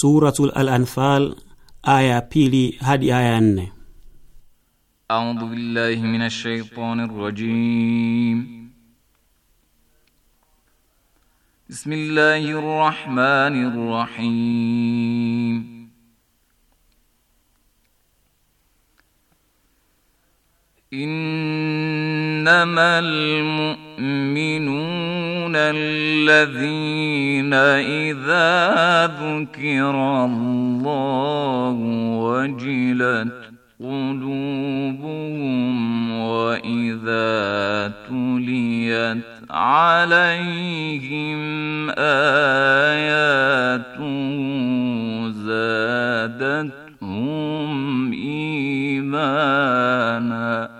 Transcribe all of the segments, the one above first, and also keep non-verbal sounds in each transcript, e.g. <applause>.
Suratul Al-Anfal aya pili hadi aya nne. A'udhu billahi minash shaitanir rajim. Bismillahir rahmanir rahim. إنما المؤمنون الذين إذا ذكروا ذكر الله وجلت قلوبهم وإذا تليت عليهم آياته زادتهم إيمانا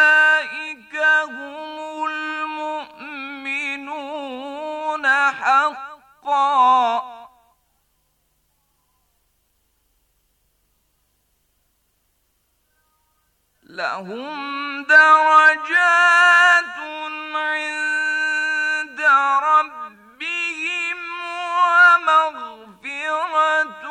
لهم درجات عند ربهم ومغفرة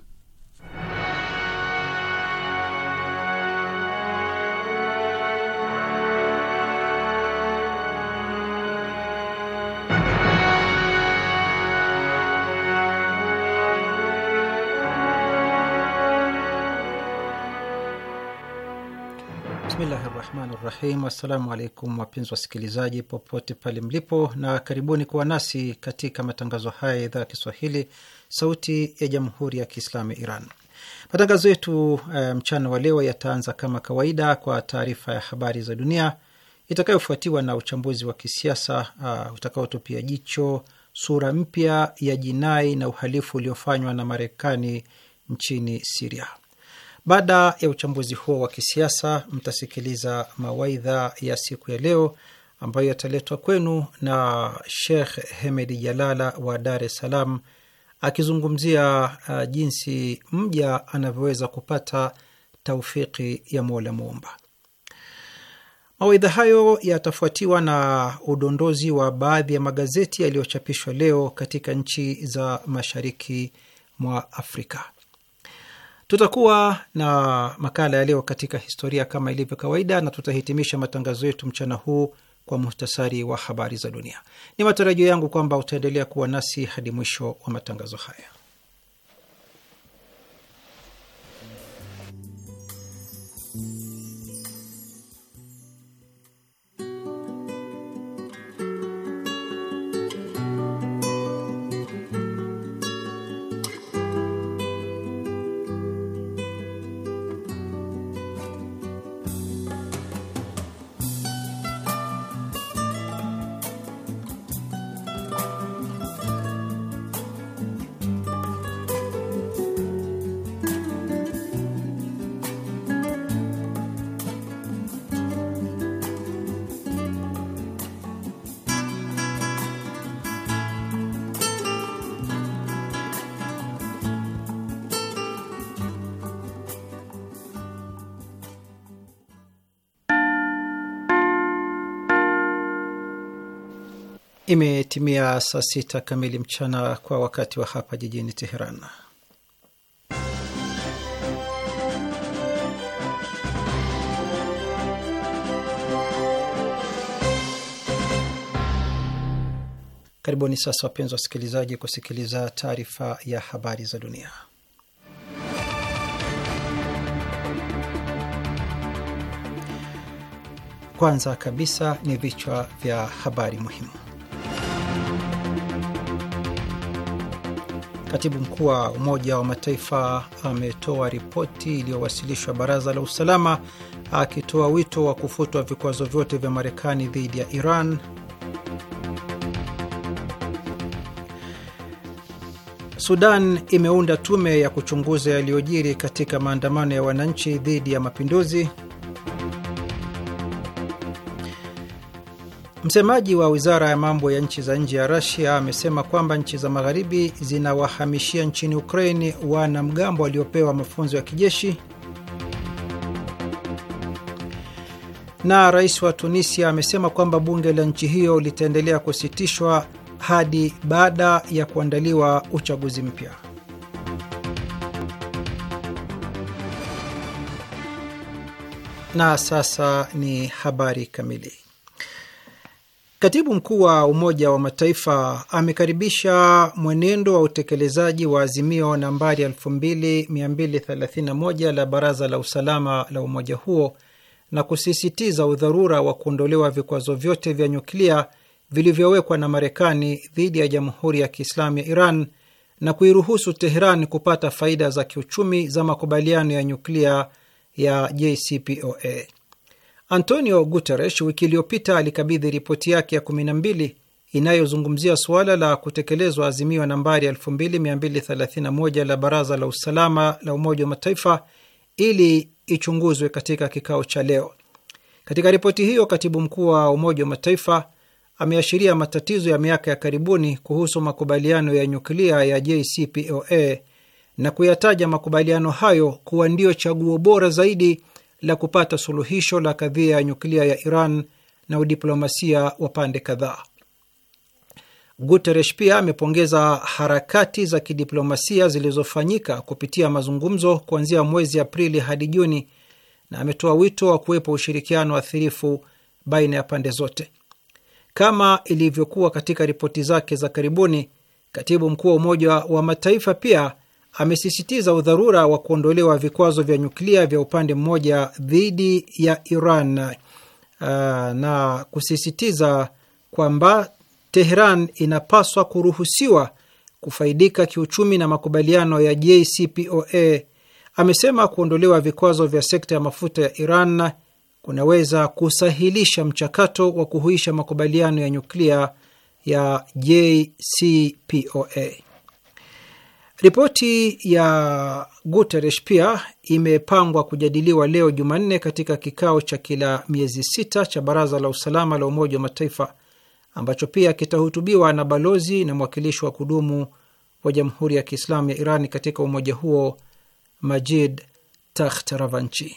rahim. Assalamu alaikum wapenzi wasikilizaji popote pale mlipo, na karibuni kuwa nasi katika matangazo haya ya idhaa ya Kiswahili, Sauti ya Jamhuri ya Kiislamu ya Iran. Matangazo yetu eh, mchana wa leo yataanza kama kawaida kwa taarifa ya habari za dunia itakayofuatiwa na uchambuzi wa kisiasa uh, utakaotupia jicho sura mpya ya jinai na uhalifu uliofanywa na Marekani nchini Siria. Baada ya uchambuzi huo wa kisiasa, mtasikiliza mawaidha ya siku ya leo ambayo yataletwa kwenu na Shekh Hemedi Jalala wa Dar es Salaam akizungumzia uh, jinsi mja anavyoweza kupata taufiki ya Mola Muumba. Mawaidha hayo yatafuatiwa na udondozi wa baadhi ya magazeti yaliyochapishwa leo katika nchi za mashariki mwa Afrika. Tutakuwa na makala ya leo katika historia kama ilivyo kawaida, na tutahitimisha matangazo yetu mchana huu kwa muhtasari wa habari za dunia. Ni matarajio yangu kwamba utaendelea kuwa nasi hadi mwisho wa matangazo haya. imetimia saa sita kamili mchana kwa wakati wa hapa jijini Teheran. Karibuni sasa wapenzi wasikilizaji, kusikiliza taarifa ya habari za dunia, kwanza kabisa ni vichwa vya habari muhimu. Katibu mkuu wa Umoja wa Mataifa ametoa ripoti iliyowasilishwa Baraza la Usalama akitoa wito wa kufutwa vikwazo vyote vya Marekani dhidi ya Iran. Sudan imeunda tume ya kuchunguza yaliyojiri katika maandamano ya wananchi dhidi ya mapinduzi. Msemaji wa wizara ya mambo ya nchi za nje ya Rasia amesema kwamba nchi za magharibi zinawahamishia nchini Ukraini wanamgambo waliopewa mafunzo ya kijeshi. Na rais wa Tunisia amesema kwamba bunge la nchi hiyo litaendelea kusitishwa hadi baada ya kuandaliwa uchaguzi mpya. Na sasa ni habari kamili. Katibu mkuu wa Umoja wa Mataifa amekaribisha mwenendo wa utekelezaji wa azimio nambari 2231 la Baraza la Usalama la umoja huo na kusisitiza udharura wa kuondolewa vikwazo vyote vya nyuklia vilivyowekwa na Marekani dhidi ya Jamhuri ya Kiislamu ya Iran na kuiruhusu Teheran kupata faida za kiuchumi za makubaliano ya nyuklia ya JCPOA. Antonio Guterres wiki iliyopita alikabidhi ripoti yake ya 12 inayozungumzia suala la kutekelezwa azimio nambari 2231 la Baraza la Usalama la Umoja wa Mataifa ili ichunguzwe katika kikao cha leo. Katika ripoti hiyo, katibu mkuu wa Umoja wa Mataifa ameashiria matatizo ya miaka ya karibuni kuhusu makubaliano ya nyuklia ya JCPOA na kuyataja makubaliano hayo kuwa ndiyo chaguo bora zaidi la kupata suluhisho la kadhia ya nyuklia ya Iran na udiplomasia wa pande kadhaa. Guterres pia amepongeza harakati za kidiplomasia zilizofanyika kupitia mazungumzo kuanzia mwezi Aprili hadi Juni na ametoa wito wa kuwepo ushirikiano athirifu baina ya pande zote. Kama ilivyokuwa katika ripoti zake za karibuni, katibu mkuu wa Umoja wa Mataifa pia amesisitiza udharura wa kuondolewa vikwazo vya nyuklia vya upande mmoja dhidi ya Iran uh, na kusisitiza kwamba Tehran inapaswa kuruhusiwa kufaidika kiuchumi na makubaliano ya JCPOA. Amesema kuondolewa vikwazo vya sekta ya mafuta ya Iran kunaweza kusahilisha mchakato wa kuhuisha makubaliano ya nyuklia ya JCPOA. Ripoti ya Guterres pia imepangwa kujadiliwa leo Jumanne katika kikao cha kila miezi sita cha Baraza la Usalama la Umoja wa Mataifa ambacho pia kitahutubiwa na balozi na mwakilishi wa kudumu wa Jamhuri ya Kiislamu ya Iran katika umoja huo Majid Takht Ravanchi.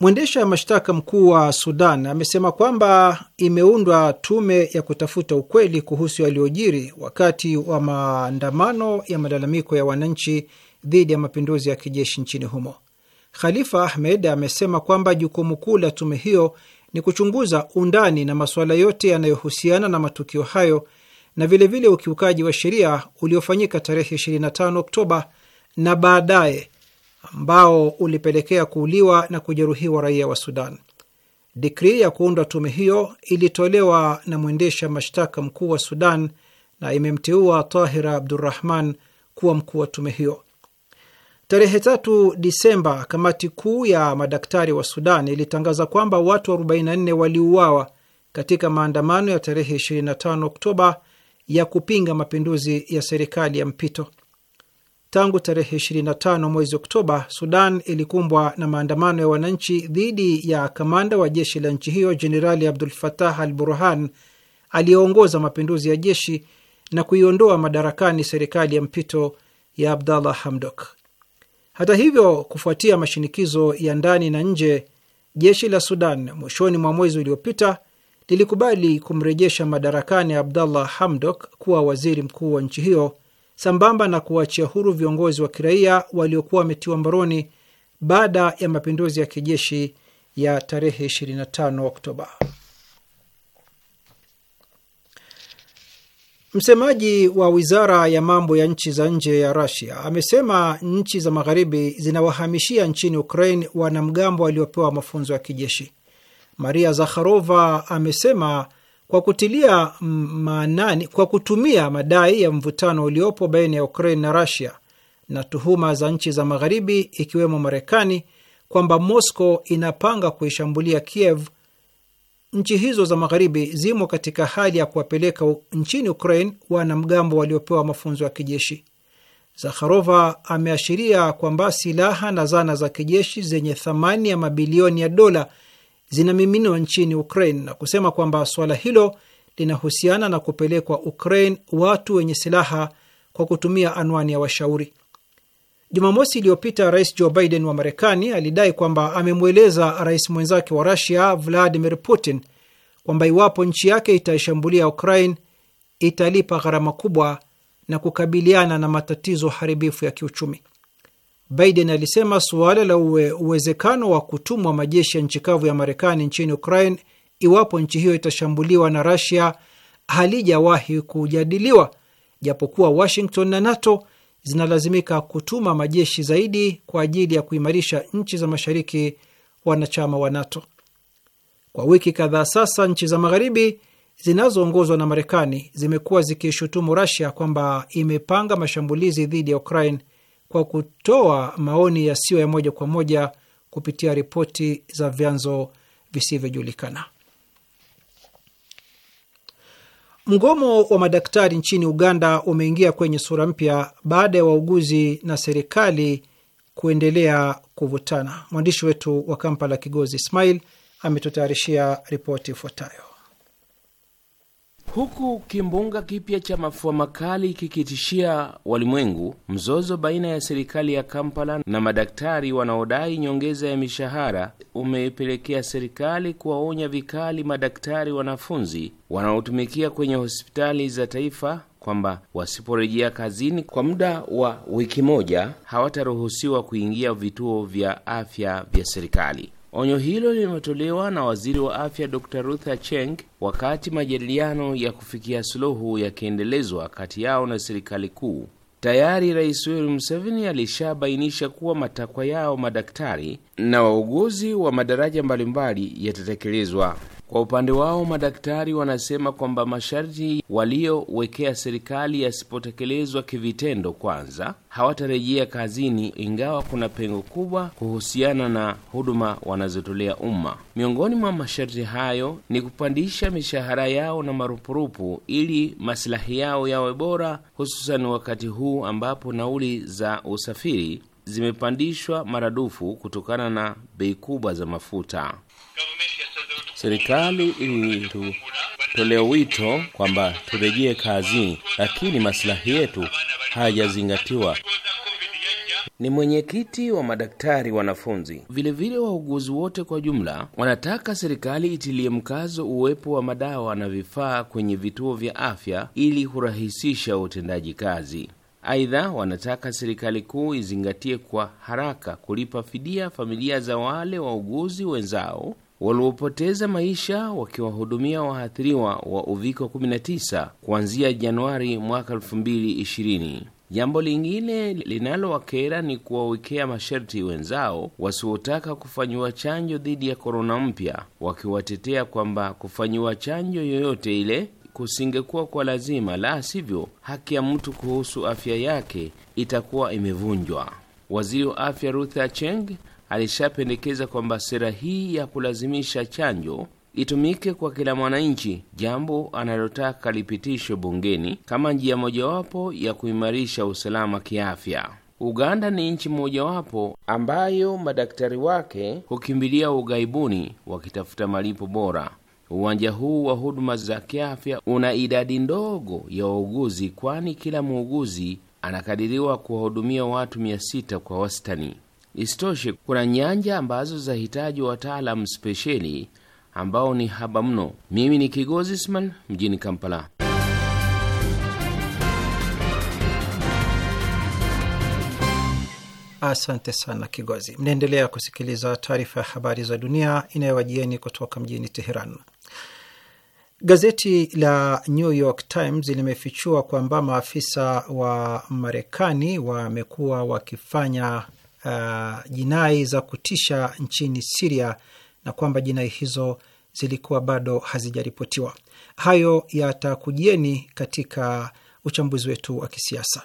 Mwendesha mashtaka mkuu wa Sudan amesema kwamba imeundwa tume ya kutafuta ukweli kuhusu yaliyojiri wakati wa maandamano ya malalamiko ya wananchi dhidi ya mapinduzi ya kijeshi nchini humo. Khalifa Ahmed amesema kwamba jukumu kuu la tume hiyo ni kuchunguza undani na masuala yote yanayohusiana na matukio hayo na vilevile vile ukiukaji wa sheria uliofanyika tarehe 25 Oktoba na baadaye ambao ulipelekea kuuliwa na kujeruhiwa raia wa Sudan. Dikrii ya kuundwa tume hiyo ilitolewa na mwendesha mashtaka mkuu wa Sudan na imemteua Tahira Abdurrahman kuwa mkuu wa tume hiyo. Tarehe tatu Disemba, kamati kuu ya madaktari wa Sudan ilitangaza kwamba watu 44 waliuawa katika maandamano ya tarehe 25 Oktoba ya kupinga mapinduzi ya serikali ya mpito. Tangu tarehe 25 mwezi Oktoba, Sudan ilikumbwa na maandamano ya wananchi dhidi ya kamanda wa jeshi la nchi hiyo Jenerali Abdul Fatah Al Burhan aliyeongoza mapinduzi ya jeshi na kuiondoa madarakani serikali ya mpito ya Abdallah Hamdok. Hata hivyo, kufuatia mashinikizo ya ndani na nje, jeshi la Sudan mwishoni mwa mwezi uliopita lilikubali kumrejesha madarakani Abdallah Hamdok kuwa waziri mkuu wa nchi hiyo sambamba na kuwachia huru viongozi wa kiraia waliokuwa wametiwa mbaroni baada ya mapinduzi ya kijeshi ya tarehe 25 Oktoba. Msemaji wa wizara ya mambo ya nchi za nje ya rasia amesema nchi za magharibi zinawahamishia nchini Ukraine wanamgambo waliopewa mafunzo ya kijeshi. Maria Zakharova amesema kwa kutilia maanani, kwa kutumia madai ya mvutano uliopo baina ya Ukraine na Russia na tuhuma za nchi za magharibi ikiwemo Marekani kwamba Moscow inapanga kuishambulia Kiev, nchi hizo za magharibi zimo katika hali ya kuwapeleka nchini Ukraine wanamgambo waliopewa mafunzo ya kijeshi. Zakharova ameashiria kwamba silaha na zana za kijeshi zenye thamani ya mabilioni ya dola zinamiminwa nchini Ukraine na kusema kwamba suala hilo linahusiana na kupelekwa Ukraine watu wenye silaha kwa kutumia anwani ya washauri. Jumamosi iliyopita Rais Joe Biden wa Marekani alidai kwamba amemweleza rais mwenzake wa Rusia Vladimir Putin kwamba iwapo nchi yake itaishambulia Ukraine italipa gharama kubwa na kukabiliana na matatizo haribifu ya kiuchumi. Biden alisema suala la uwe, uwezekano wa kutumwa majeshi ya nchi kavu ya Marekani nchini Ukraine iwapo nchi hiyo itashambuliwa na Russia halijawahi kujadiliwa, japokuwa Washington na NATO zinalazimika kutuma majeshi zaidi kwa ajili ya kuimarisha nchi za mashariki wanachama wa NATO. Kwa wiki kadhaa sasa, nchi za magharibi zinazoongozwa na Marekani zimekuwa zikishutumu Russia kwamba imepanga mashambulizi dhidi ya Ukraine kwa kutoa maoni yasiyo ya moja kwa moja kupitia ripoti za vyanzo visivyojulikana. Mgomo wa madaktari nchini Uganda umeingia kwenye sura mpya baada ya wauguzi na serikali kuendelea kuvutana. Mwandishi wetu wa Kampala, Kigozi Ismail, ametutayarishia ripoti ifuatayo. Huku kimbunga kipya cha mafua makali kikitishia walimwengu, mzozo baina ya serikali ya Kampala na madaktari wanaodai nyongeza ya mishahara umeipelekea serikali kuwaonya vikali madaktari wanafunzi wanaotumikia kwenye hospitali za taifa kwamba wasiporejea kazini kwa muda wa wiki moja hawataruhusiwa kuingia vituo vya afya vya serikali. Onyo hilo limetolewa na waziri wa afya Dr ruther cheng wakati majadiliano ya kufikia suluhu yakiendelezwa kati yao na serikali kuu. Tayari Rais Yoweri Museveni alishabainisha kuwa matakwa yao madaktari na wauguzi wa madaraja mbalimbali yatatekelezwa. Kwa upande wao madaktari wanasema kwamba masharti waliowekea serikali yasipotekelezwa kivitendo, kwanza hawatarejea kazini, ingawa kuna pengo kubwa kuhusiana na huduma wanazotolea umma. Miongoni mwa masharti hayo ni kupandisha mishahara yao na marupurupu ili masilahi yao yawe bora, hususan wakati huu ambapo nauli za usafiri zimepandishwa maradufu kutokana na bei kubwa za mafuta. Government. Serikali ilitutolea wito kwamba turejee kazini, lakini maslahi yetu hayajazingatiwa. Ni mwenyekiti wa madaktari wanafunzi. Vilevile wauguzi wote kwa jumla wanataka serikali itilie mkazo uwepo wa madawa na vifaa kwenye vituo vya afya ili kurahisisha utendaji kazi. Aidha, wanataka serikali kuu izingatie kwa haraka kulipa fidia familia za wale wauguzi wenzao waliopoteza maisha wakiwahudumia waathiriwa wa uviko 19 kuanzia Januari mwaka 2020. Jambo lingine linalowakera ni kuwawekea masharti wenzao wasiotaka kufanyiwa chanjo dhidi ya korona mpya, wakiwatetea kwamba kufanyiwa chanjo yoyote ile kusingekuwa kwa lazima, la sivyo haki ya mtu kuhusu afya yake itakuwa imevunjwa. Waziri wa afya Ruth Acheng alishapendekeza kwamba sera hii ya kulazimisha chanjo itumike kwa kila mwananchi, jambo analotaka lipitishwe bungeni kama njia mojawapo ya kuimarisha usalama kiafya. Uganda ni nchi mojawapo ambayo madaktari wake hukimbilia ughaibuni wakitafuta malipo bora. Uwanja huu wa huduma za kiafya una idadi ndogo ya wauguzi, kwani kila muuguzi anakadiriwa kuwahudumia watu mia sita kwa wastani. Isitoshe, kuna nyanja ambazo zahitaji wataalamu spesheli ambao ni haba mno. Mimi ni Kigozi mjini Kampala. Asante sana Kigozi. Mnaendelea kusikiliza taarifa ya habari za dunia inayowajieni kutoka mjini Teheran. Gazeti la New York Times limefichua kwamba maafisa wa Marekani wamekuwa wakifanya uh, jinai za kutisha nchini Siria na kwamba jinai hizo zilikuwa bado hazijaripotiwa. Hayo yatakujieni katika uchambuzi wetu wa kisiasa.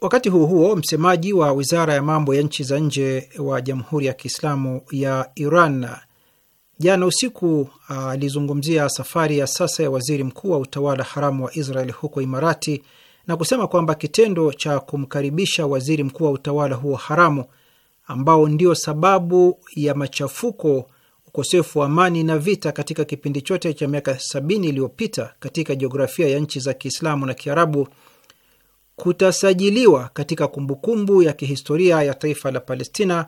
Wakati huo huo, msemaji wa wizara ya mambo ya nchi za nje wa Jamhuri ya Kiislamu ya Iran jana usiku alizungumzia uh, safari ya sasa ya waziri mkuu wa utawala haramu wa Israel huko Imarati na kusema kwamba kitendo cha kumkaribisha waziri mkuu wa utawala huo haramu ambao ndio sababu ya machafuko, ukosefu wa amani na vita katika kipindi chote cha miaka sabini iliyopita katika jiografia ya nchi za Kiislamu na Kiarabu kutasajiliwa katika kumbukumbu ya kihistoria ya taifa la Palestina,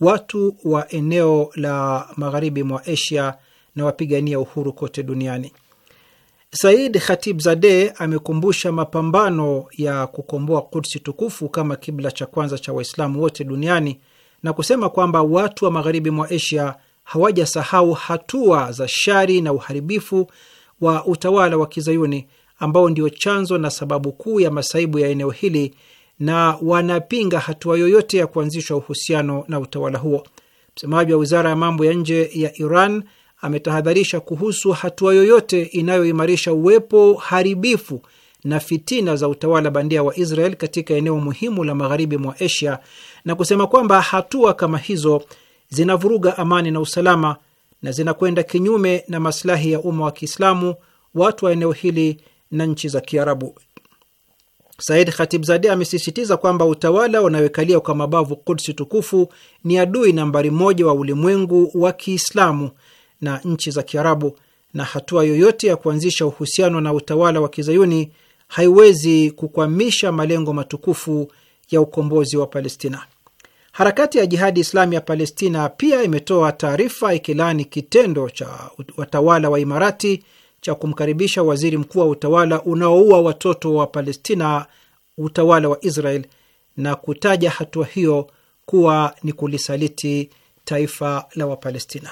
watu wa eneo la magharibi mwa Asia na wapigania uhuru kote duniani. Said khatib zade amekumbusha mapambano ya kukomboa Kudsi tukufu kama kibla cha kwanza cha Waislamu wote duniani na kusema kwamba watu wa magharibi mwa Asia hawajasahau hatua za shari na uharibifu wa utawala wa kizayuni ambao ndio chanzo na sababu kuu ya masaibu ya eneo hili na wanapinga hatua yoyote ya kuanzisha uhusiano na utawala huo. Msemaji wa wizara ya mambo ya nje ya Iran ametahadharisha kuhusu hatua yoyote inayoimarisha uwepo haribifu na fitina za utawala bandia wa Israel katika eneo muhimu la magharibi mwa Asia na kusema kwamba hatua kama hizo zinavuruga amani na usalama na zinakwenda kinyume na maslahi ya umma wa Kiislamu, watu wa eneo hili na nchi za Kiarabu. Said Khatibzade amesisitiza kwamba utawala unayoekalia kwa mabavu Kudsi tukufu ni adui nambari moja wa ulimwengu wa Kiislamu na nchi za Kiarabu, na hatua yoyote ya kuanzisha uhusiano na utawala wa kizayuni haiwezi kukwamisha malengo matukufu ya ukombozi wa Palestina. Harakati ya Jihadi Islami ya Palestina pia imetoa taarifa ikilaani kitendo cha watawala wa Imarati cha kumkaribisha waziri mkuu wa utawala unaoua watoto wa Palestina, utawala wa Israel, na kutaja hatua hiyo kuwa ni kulisaliti taifa la Wapalestina.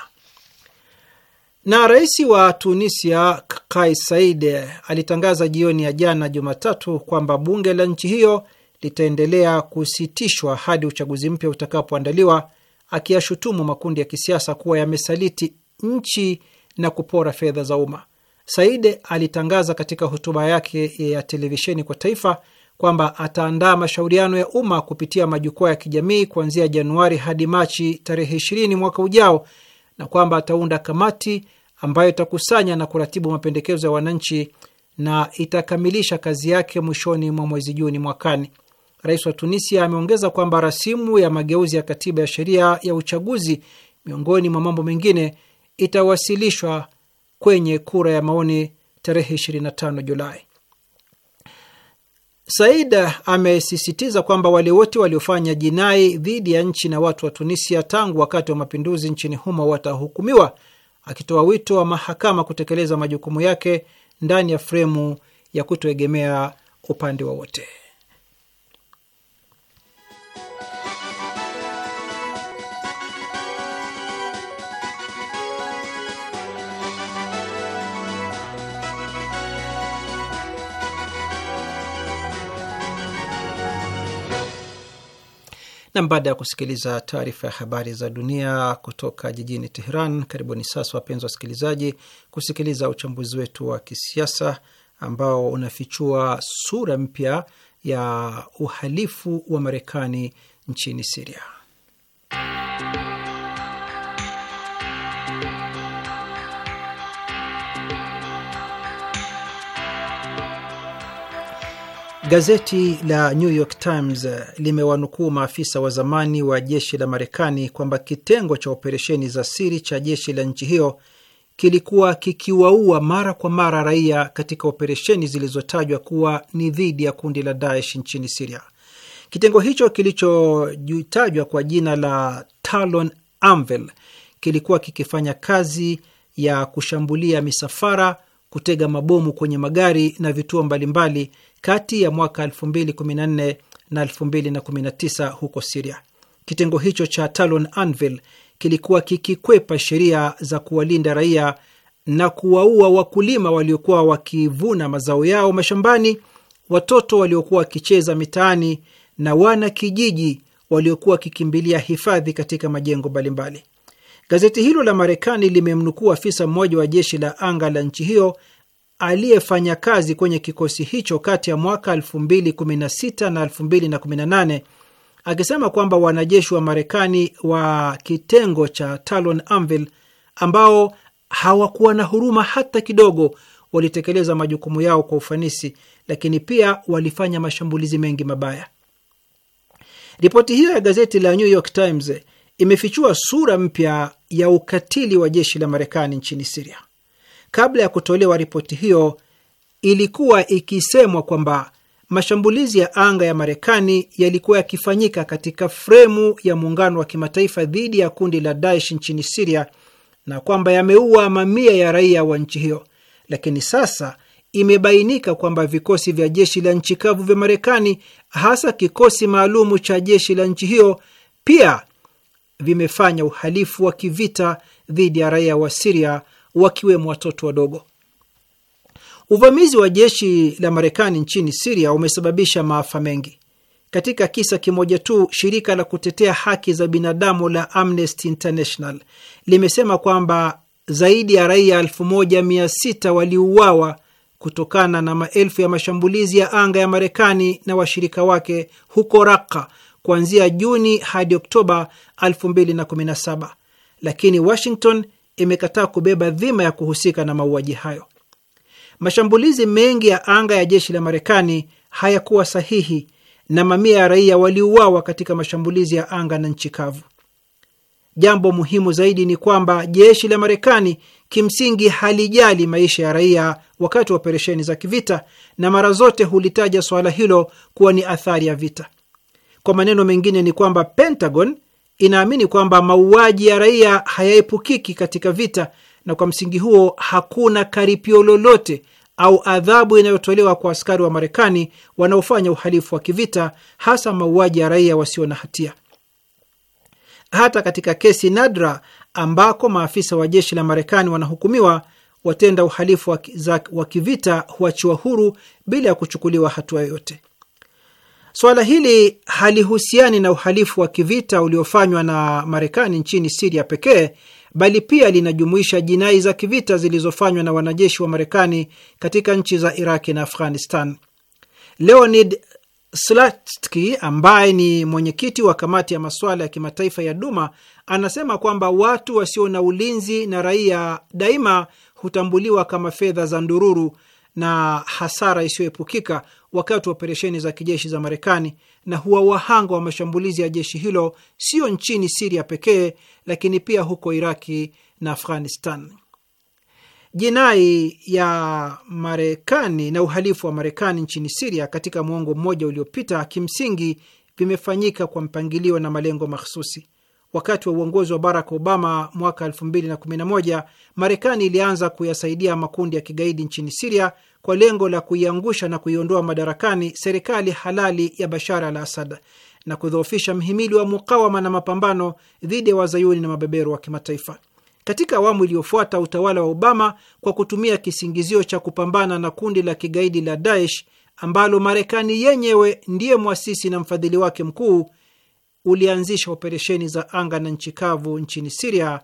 Na rais wa Tunisia Kais Saied alitangaza jioni ya jana Jumatatu kwamba bunge la nchi hiyo litaendelea kusitishwa hadi uchaguzi mpya utakapoandaliwa, akiyashutumu makundi ya kisiasa kuwa yamesaliti nchi na kupora fedha za umma. Saide alitangaza katika hotuba yake ya televisheni kwa taifa kwamba ataandaa mashauriano ya umma kupitia majukwaa ya kijamii kuanzia Januari hadi Machi tarehe 20 mwaka ujao, na kwamba ataunda kamati ambayo itakusanya na kuratibu mapendekezo ya wananchi na itakamilisha kazi yake mwishoni mwa mwezi Juni mwakani. Rais wa Tunisia ameongeza kwamba rasimu ya mageuzi ya katiba ya sheria ya uchaguzi, miongoni mwa mambo mengine, itawasilishwa kwenye kura ya maoni tarehe 25 Julai. Said amesisitiza kwamba wale wote waliofanya jinai dhidi ya nchi na watu wa Tunisia tangu wakati wa mapinduzi nchini humo watahukumiwa akitoa wito wa mahakama kutekeleza majukumu yake ndani ya fremu ya kutoegemea upande wowote. Na baada ya kusikiliza taarifa ya habari za dunia kutoka jijini Teheran, karibuni sasa wapenzi wasikilizaji, kusikiliza uchambuzi wetu wa kisiasa ambao unafichua sura mpya ya uhalifu wa Marekani nchini Siria. Gazeti la New York Times limewanukuu maafisa wa zamani wa jeshi la Marekani kwamba kitengo cha operesheni za siri cha jeshi la nchi hiyo kilikuwa kikiwaua mara kwa mara raia katika operesheni zilizotajwa kuwa ni dhidi ya kundi la Daesh nchini Siria. Kitengo hicho kilichojitajwa kwa jina la Talon Anvil kilikuwa kikifanya kazi ya kushambulia misafara, kutega mabomu kwenye magari na vituo mbalimbali kati ya mwaka 2014 na 2019 huko Siria. Kitengo hicho cha Talon Anvil kilikuwa kikikwepa sheria za kuwalinda raia na kuwaua wakulima waliokuwa wakivuna mazao yao mashambani, watoto waliokuwa wakicheza mitaani na wana kijiji waliokuwa wakikimbilia hifadhi katika majengo mbalimbali. Gazeti hilo la Marekani limemnukuu afisa mmoja wa jeshi la anga la nchi hiyo aliyefanya kazi kwenye kikosi hicho kati ya mwaka 2016 na 2018 akisema kwamba wanajeshi wa Marekani wa kitengo cha Talon Anvil ambao hawakuwa na huruma hata kidogo walitekeleza majukumu yao kwa ufanisi, lakini pia walifanya mashambulizi mengi mabaya. Ripoti hiyo ya gazeti la New York Times imefichua sura mpya ya ukatili wa jeshi la Marekani nchini Siria. Kabla ya kutolewa ripoti hiyo, ilikuwa ikisemwa kwamba mashambulizi ya anga ya Marekani yalikuwa yakifanyika katika fremu ya muungano wa kimataifa dhidi ya kundi la Daesh nchini Siria na kwamba yameua mamia ya raia wa nchi hiyo, lakini sasa imebainika kwamba vikosi vya jeshi la nchi kavu vya Marekani, hasa kikosi maalumu cha jeshi la nchi hiyo, pia vimefanya uhalifu wa kivita dhidi ya raia wa Siria wakiwemo watoto wadogo. Uvamizi wa jeshi la Marekani nchini Siria umesababisha maafa mengi. Katika kisa kimoja tu, shirika la kutetea haki za binadamu la Amnesty International limesema kwamba zaidi ya raia 1600 waliuawa kutokana na maelfu ya mashambulizi ya anga ya Marekani na washirika wake huko Raqqa kuanzia Juni hadi Oktoba 2017, lakini Washington imekataa kubeba dhima ya kuhusika na mauaji hayo. Mashambulizi mengi ya anga ya jeshi la Marekani hayakuwa sahihi na mamia ya raia waliuawa katika mashambulizi ya anga na nchi kavu. Jambo muhimu zaidi ni kwamba jeshi la Marekani kimsingi halijali maisha ya raia wakati wa operesheni za kivita, na mara zote hulitaja suala hilo kuwa ni athari ya vita. Kwa maneno mengine, ni kwamba Pentagon inaamini kwamba mauaji ya raia hayaepukiki katika vita, na kwa msingi huo hakuna karipio lolote au adhabu inayotolewa kwa askari wa Marekani wanaofanya uhalifu wa kivita, hasa mauaji ya raia wasio na hatia. Hata katika kesi nadra ambako maafisa wa jeshi la Marekani wanahukumiwa, watenda uhalifu wa kivita huachiwa huru bila ya kuchukuliwa hatua yoyote. Suala hili halihusiani na uhalifu wa kivita uliofanywa na Marekani nchini Siria pekee bali pia linajumuisha jinai za kivita zilizofanywa na wanajeshi wa Marekani katika nchi za Iraki na Afghanistan. Leonid Slutsky ambaye ni mwenyekiti wa kamati ya masuala ya kimataifa ya Duma anasema kwamba watu wasio na ulinzi na raia daima hutambuliwa kama fedha za ndururu na hasara isiyoepukika wakati wa operesheni za kijeshi za Marekani na huwa wahanga wa mashambulizi ya jeshi hilo sio nchini Siria pekee, lakini pia huko Iraki na Afghanistan. Jinai ya Marekani na uhalifu wa Marekani nchini Siria katika mwongo mmoja uliopita kimsingi vimefanyika kwa mpangilio na malengo mahsusi. Wakati wa uongozi wa Barack Obama mwaka 2011, Marekani ilianza kuyasaidia makundi ya kigaidi nchini Siria kwa lengo la kuiangusha na kuiondoa madarakani serikali halali ya Bashar al Asad na kudhoofisha mhimili wa mukawama na mapambano dhidi ya wazayuni na mabeberu wa kimataifa. Katika awamu iliyofuata utawala wa Obama, kwa kutumia kisingizio cha kupambana na kundi la kigaidi la Daesh ambalo Marekani yenyewe ndiye mwasisi na mfadhili wake mkuu, ulianzisha operesheni za anga na nchi kavu nchini Siria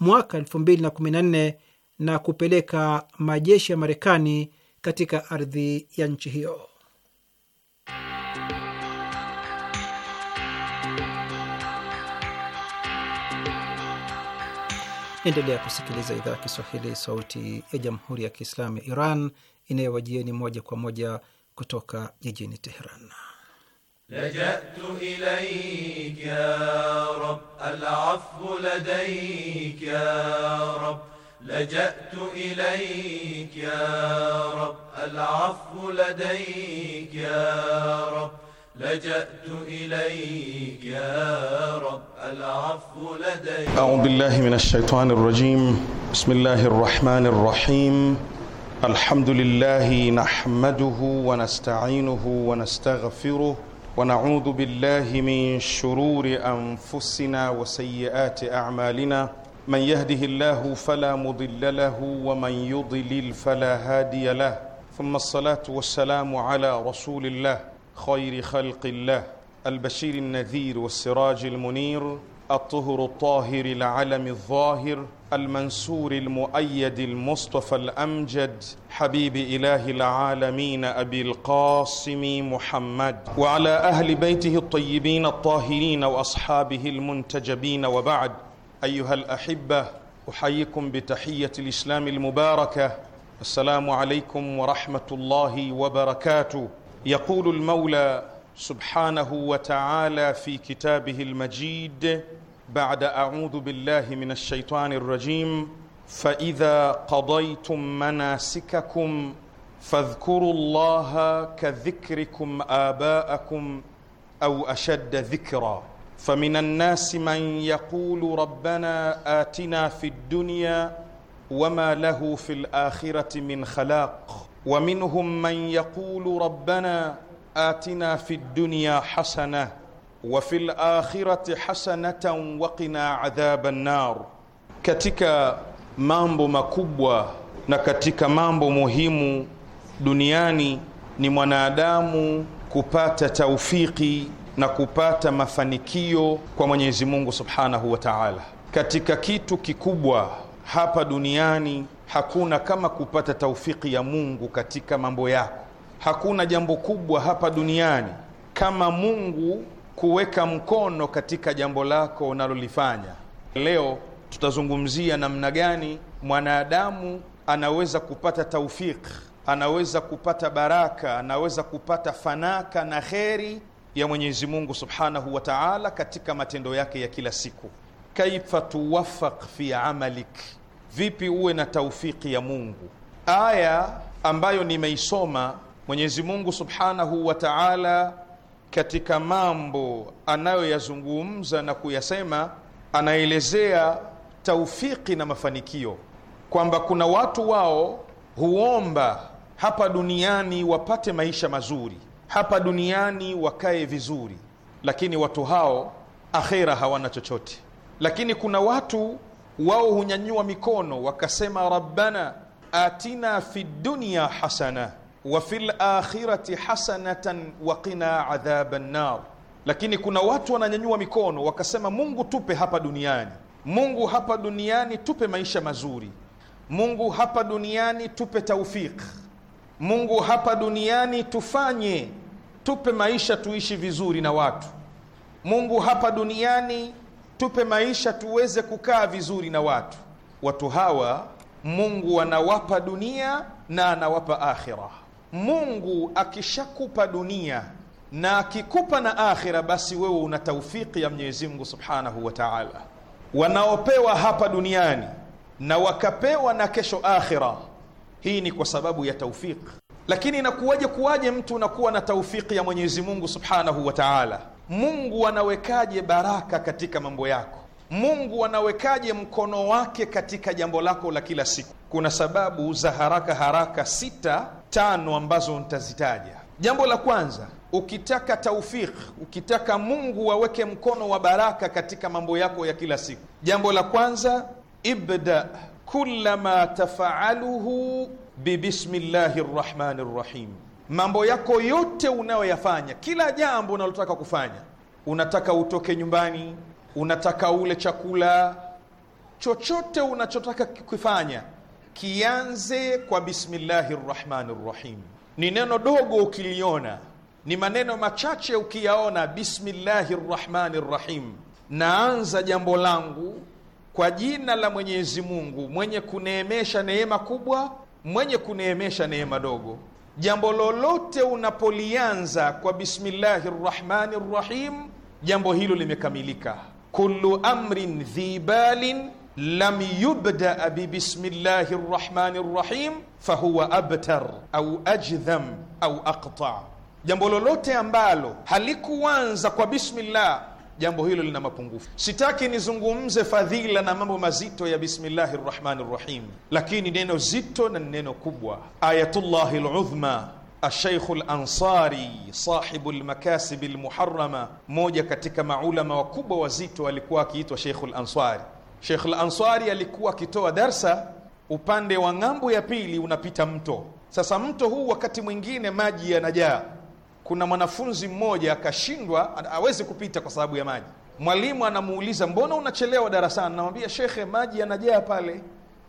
mwaka 2014 na kupeleka majeshi ya Marekani katika ardhi ya nchi hiyo. Endelea kusikiliza idhaa ya Kiswahili, sauti ya jamhuri ya kiislamu ya Iran inayowajieni moja kwa moja kutoka jijini Teheran. Lajatu ilaik ya Rabb, al ladaik ya لجأت إليك يا رب العفو لديك يا رب لجأت إليك يا رب العفو لديك أعوذ بالله من الشيطان الرجيم بسم الله الرحمن الرحيم الحمد لله نحمده ونستعينه ونستغفره ونعوذ بالله من شرور أنفسنا وسيئات أعمالنا من يهده الله فلا مضل له ومن يضلل فلا هادي له ثم الصلاه والسلام على رسول الله خير خلق الله البشير النذير والسراج المنير الطهر الطاهر العلم الظاهر المنسور المؤيد المصطفى الامجد حبيب اله العالمين ابي القاسم محمد وعلى اهل بيته الطيبين الطاهرين واصحابه المنتجبين وبعد أيها الأحبة أحييكم بتحية الإسلام المباركة السلام عليكم ورحمة الله وبركاته يقول المولى سبحانه وتعالى في كتابه المجيد بعد أعوذ بالله من الشيطان الرجيم فإذا قضيتم مناسككم فاذكروا الله كذكركم آباءكم أو أشد ذكرًا فمن الناس من يقول ربنا آتنا في الدنيا وما له في الآخرة من خلاق ومنهم من يقول ربنا آتنا في الدنيا حسنة وفي الآخرة حسنة وقنا عذاب النار katika mambo makubwa na katika mambo muhimu duniani ni mwanadamu kupata taufiki na kupata mafanikio kwa Mwenyezi Mungu Subhanahu wa Ta'ala katika kitu kikubwa hapa duniani. Hakuna kama kupata taufiki ya Mungu katika mambo yako. Hakuna jambo kubwa hapa duniani kama Mungu kuweka mkono katika jambo lako unalolifanya. Leo tutazungumzia namna gani mwanadamu anaweza kupata taufiki, anaweza kupata baraka, anaweza kupata fanaka na kheri ya Mwenyezi Mungu Subhanahu wa Ta'ala katika matendo yake ya kila siku. Kaifa tuwafaq fi amalik, vipi uwe na taufiki ya Mungu. Aya ambayo nimeisoma Mwenyezi Mungu Subhanahu wa Ta'ala katika mambo anayoyazungumza na kuyasema, anaelezea taufiki na mafanikio kwamba kuna watu wao huomba hapa duniani wapate maisha mazuri hapa duniani wakae vizuri, lakini watu hao akhera hawana chochote. Lakini kuna watu wao hunyanyua mikono wakasema, rabbana atina fi dunya hasana wa fil akhirati hasanatan wa qina adhaban nar. Lakini kuna watu wananyanyua mikono wakasema, Mungu tupe hapa duniani, Mungu hapa duniani tupe maisha mazuri, Mungu hapa duniani tupe taufiki, Mungu hapa duniani tufanye tupe maisha tuishi vizuri na watu. Mungu hapa duniani tupe maisha tuweze kukaa vizuri na watu. Watu hawa Mungu anawapa dunia na anawapa akhira. Mungu akishakupa dunia na akikupa na akhira, basi wewe una taufiki ya Mwenyezi Mungu subhanahu wa taala. Wanaopewa hapa duniani na wakapewa na kesho akhira, hii ni kwa sababu ya taufiki lakini inakuwaje kuwaje mtu unakuwa na taufiki ya Mwenyezi Mungu subhanahu wa taala? Mungu anawekaje baraka katika mambo yako? Mungu anawekaje mkono wake katika jambo lako la kila siku? Kuna sababu za haraka haraka sita tano ambazo ntazitaja Jambo la kwanza, ukitaka taufik, ukitaka Mungu aweke mkono wa baraka katika mambo yako ya kila siku, jambo la kwanza, ibda ma tafaaluhu bibismillahi rrahmani rrahim. Mambo yako yote unayoyafanya, kila jambo unalotaka kufanya, unataka utoke nyumbani, unataka ule chakula, chochote unachotaka kufanya kianze kwa bismillahi rrahmani rrahim. Ni neno dogo ukiliona, ni maneno machache ukiyaona, bismillahi rrahmani rrahim, naanza jambo langu kwa jina la Mwenyezi Mungu mwenye kuneemesha neema kubwa mwenye kuneemesha neema dogo. Jambo lolote unapolianza kwa bismillahi rrahmani rrahim, jambo hilo limekamilika. Kullu amrin dhi balin lam yubdaa bibismillahi rrahmani rrahim fahuwa abtar au ajdham au aqta. Jambo lolote ambalo halikuanza kwa bismillah jambo hilo lina mapungufu. Sitaki nizungumze fadhila na mambo mazito ya bismillahi rrahmani rrahim, lakini neno zito na neno kubwa, Ayatullahi ludhma Ashaikhu Lansari sahibu lmakasibi lmuharama, mmoja katika maulama wakubwa wazito, alikuwa akiitwa Sheikhu Lansari. Sheikh Lansari alikuwa akitoa darsa, upande wa ng'ambo ya pili unapita mto. Sasa mto huu wakati mwingine maji yanajaa kuna mwanafunzi mmoja akashindwa, awezi kupita kwa sababu ya maji. Mwalimu anamuuliza mbona unachelewa darasani? Namwambia shekhe, maji yanajaa pale.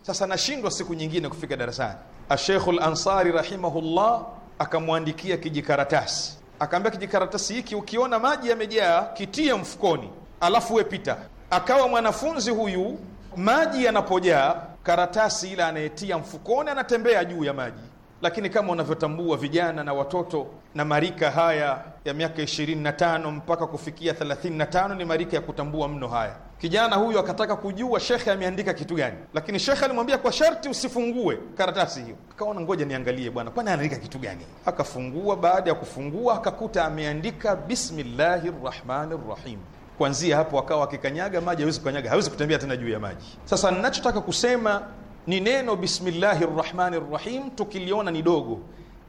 Sasa nashindwa siku nyingine kufika darasani. Ashekhu Lansari rahimahullah akamwandikia kijikaratasi, akaambia kijikaratasi hiki ukiona maji yamejaa, kitie mfukoni alafu wepita. Akawa mwanafunzi huyu maji yanapojaa, karatasi ile anayetia mfukoni, anatembea juu ya maji lakini kama unavyotambua vijana na watoto na marika haya ya miaka ishirini na tano mpaka kufikia thelathini na tano ni marika ya kutambua mno haya. Kijana huyu akataka kujua shekhe ameandika kitu gani, lakini shekhe alimwambia kwa sharti usifungue karatasi hiyo. Akaona ngoja niangalie bwana, kwani anaandika kitu gani? Akafungua. Baada ya kufungua, akakuta ameandika bismillahi rahmani rrahim. Kuanzia hapo akawa akikanyaga maji, hawezi kukanyaga, hawezi kutembea tena juu ya maji. Sasa ninachotaka kusema ni neno bismillahi rrahmani rrahim, tukiliona ni dogo,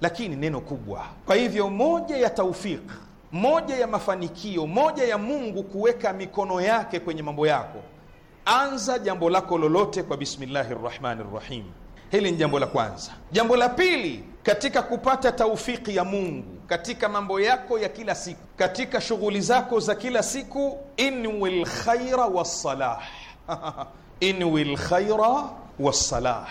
lakini neno kubwa. Kwa hivyo moja ya taufiki, moja ya mafanikio, moja ya Mungu kuweka mikono yake kwenye mambo yako, anza jambo lako lolote kwa bismillahi rrahmani rrahim. Hili ni jambo la kwanza. Jambo la pili, katika kupata taufiki ya Mungu katika mambo yako ya kila siku, katika shughuli zako za kila siku, inwi lkhaira wassalah <laughs> inwi lkhaira wassalah.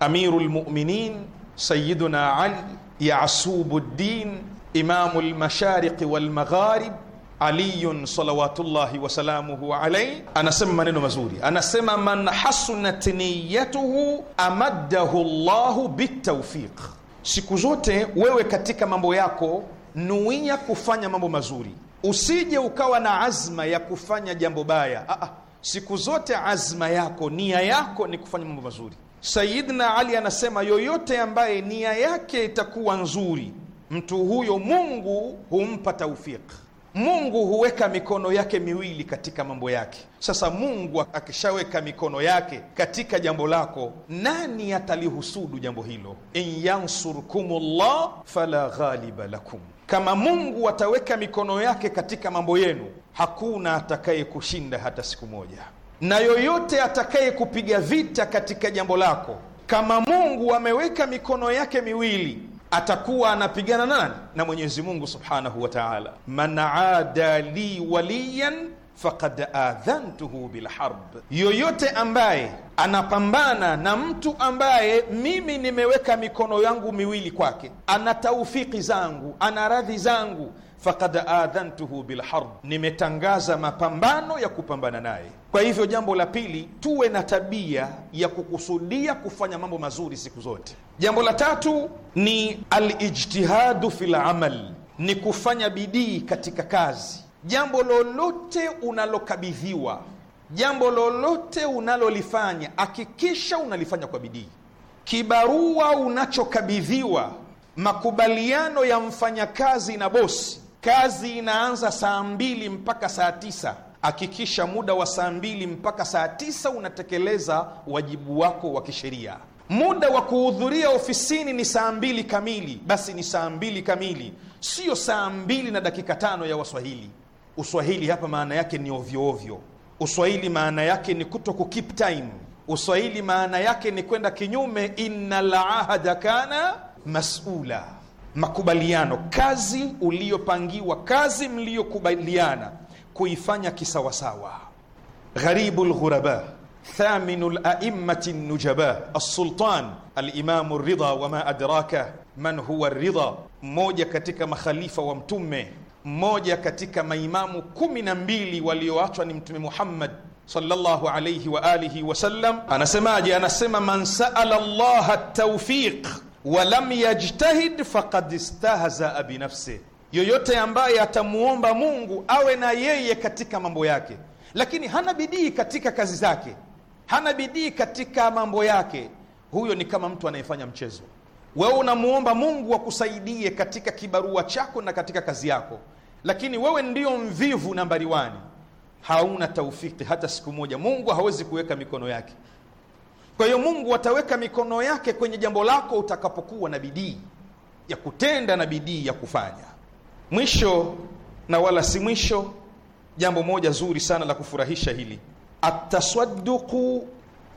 Amiru lmuminin Sayiduna Ali yasubu ddin imamu lmashariqi walmagharib Aliyun salawatullahi wasalamuhu alaihi, anasema maneno mazuri, anasema man hasunat niyatuhu amaddahu llahu bitaufiq. Siku zote wewe katika mambo yako nuia kufanya mambo mazuri, usije ukawa na azma ya kufanya jambo baya. ah siku zote azma yako, nia yako ni kufanya mambo mazuri. Sayidna Ali anasema yoyote ambaye nia yake itakuwa nzuri, mtu huyo Mungu humpa taufiq. Mungu huweka mikono yake miwili katika mambo yake. Sasa Mungu akishaweka mikono yake katika jambo lako, nani atalihusudu jambo hilo? in yansurkumullah fala ghaliba lakum kama Mungu ataweka mikono yake katika mambo yenu, hakuna atakayekushinda hata siku moja, na yoyote atakayekupiga vita katika jambo lako, kama Mungu ameweka mikono yake miwili atakuwa anapigana nani? Na Mwenyezi Mungu subhanahu wa taala, man ada li waliyan faqad adhantuhu bilharb, yoyote ambaye anapambana na mtu ambaye mimi nimeweka mikono yangu miwili kwake, ana taufiki zangu, ana radhi zangu Fakad adhantuhu bilharb, nimetangaza mapambano ya kupambana naye. Kwa hivyo, jambo la pili, tuwe na tabia ya kukusudia kufanya mambo mazuri siku zote. Jambo la tatu ni alijtihadu fil amal, ni kufanya bidii katika kazi. Jambo lolote unalokabidhiwa, jambo lolote unalolifanya, hakikisha unalifanya kwa bidii. Kibarua unachokabidhiwa, makubaliano ya mfanyakazi na bosi, kazi inaanza saa mbili mpaka saa tisa hakikisha muda wa saa mbili mpaka saa tisa unatekeleza wajibu wako wa kisheria. Muda wa kuhudhuria ofisini ni saa mbili kamili, basi ni saa mbili kamili, siyo saa mbili na dakika tano ya Waswahili. Uswahili hapa maana yake ni ovyo ovyo. Uswahili maana yake ni kuto ku keep time. Uswahili maana yake ni kwenda kinyume, Inna ahada kana masula, makubaliano, kazi uliyopangiwa, kazi mliyokubaliana kuifanya kisawasawa. Gharibu lghuraba thaminu laimati nujaba alsultan alimamu Ridha, wama adraka man huwa Ridha, mmoja katika makhalifa wa Mtume mmoja katika maimamu kumi na mbili walioachwa ni Mtume Muhammad sallallahu alayhi wa alihi sallam. anasemaje? Anasema, man saala llaha tawfiq wa lam yajtahid faqad istahzaa binafsihi, yoyote ambaye atamuomba Mungu awe na yeye katika mambo yake, lakini hana bidii katika kazi zake, hana bidii katika mambo yake, huyo ni kama mtu anayefanya mchezo. Wewe unamuomba Mungu akusaidie katika kibarua chako na katika kazi yako lakini wewe ndio mvivu nambari wani, hauna taufiki hata siku moja. Mungu hawezi kuweka mikono yake. Kwa hiyo Mungu ataweka mikono yake kwenye jambo lako utakapokuwa na bidii ya kutenda na bidii ya kufanya. Mwisho na wala si mwisho, jambo moja zuri sana la kufurahisha hili, ataswaduku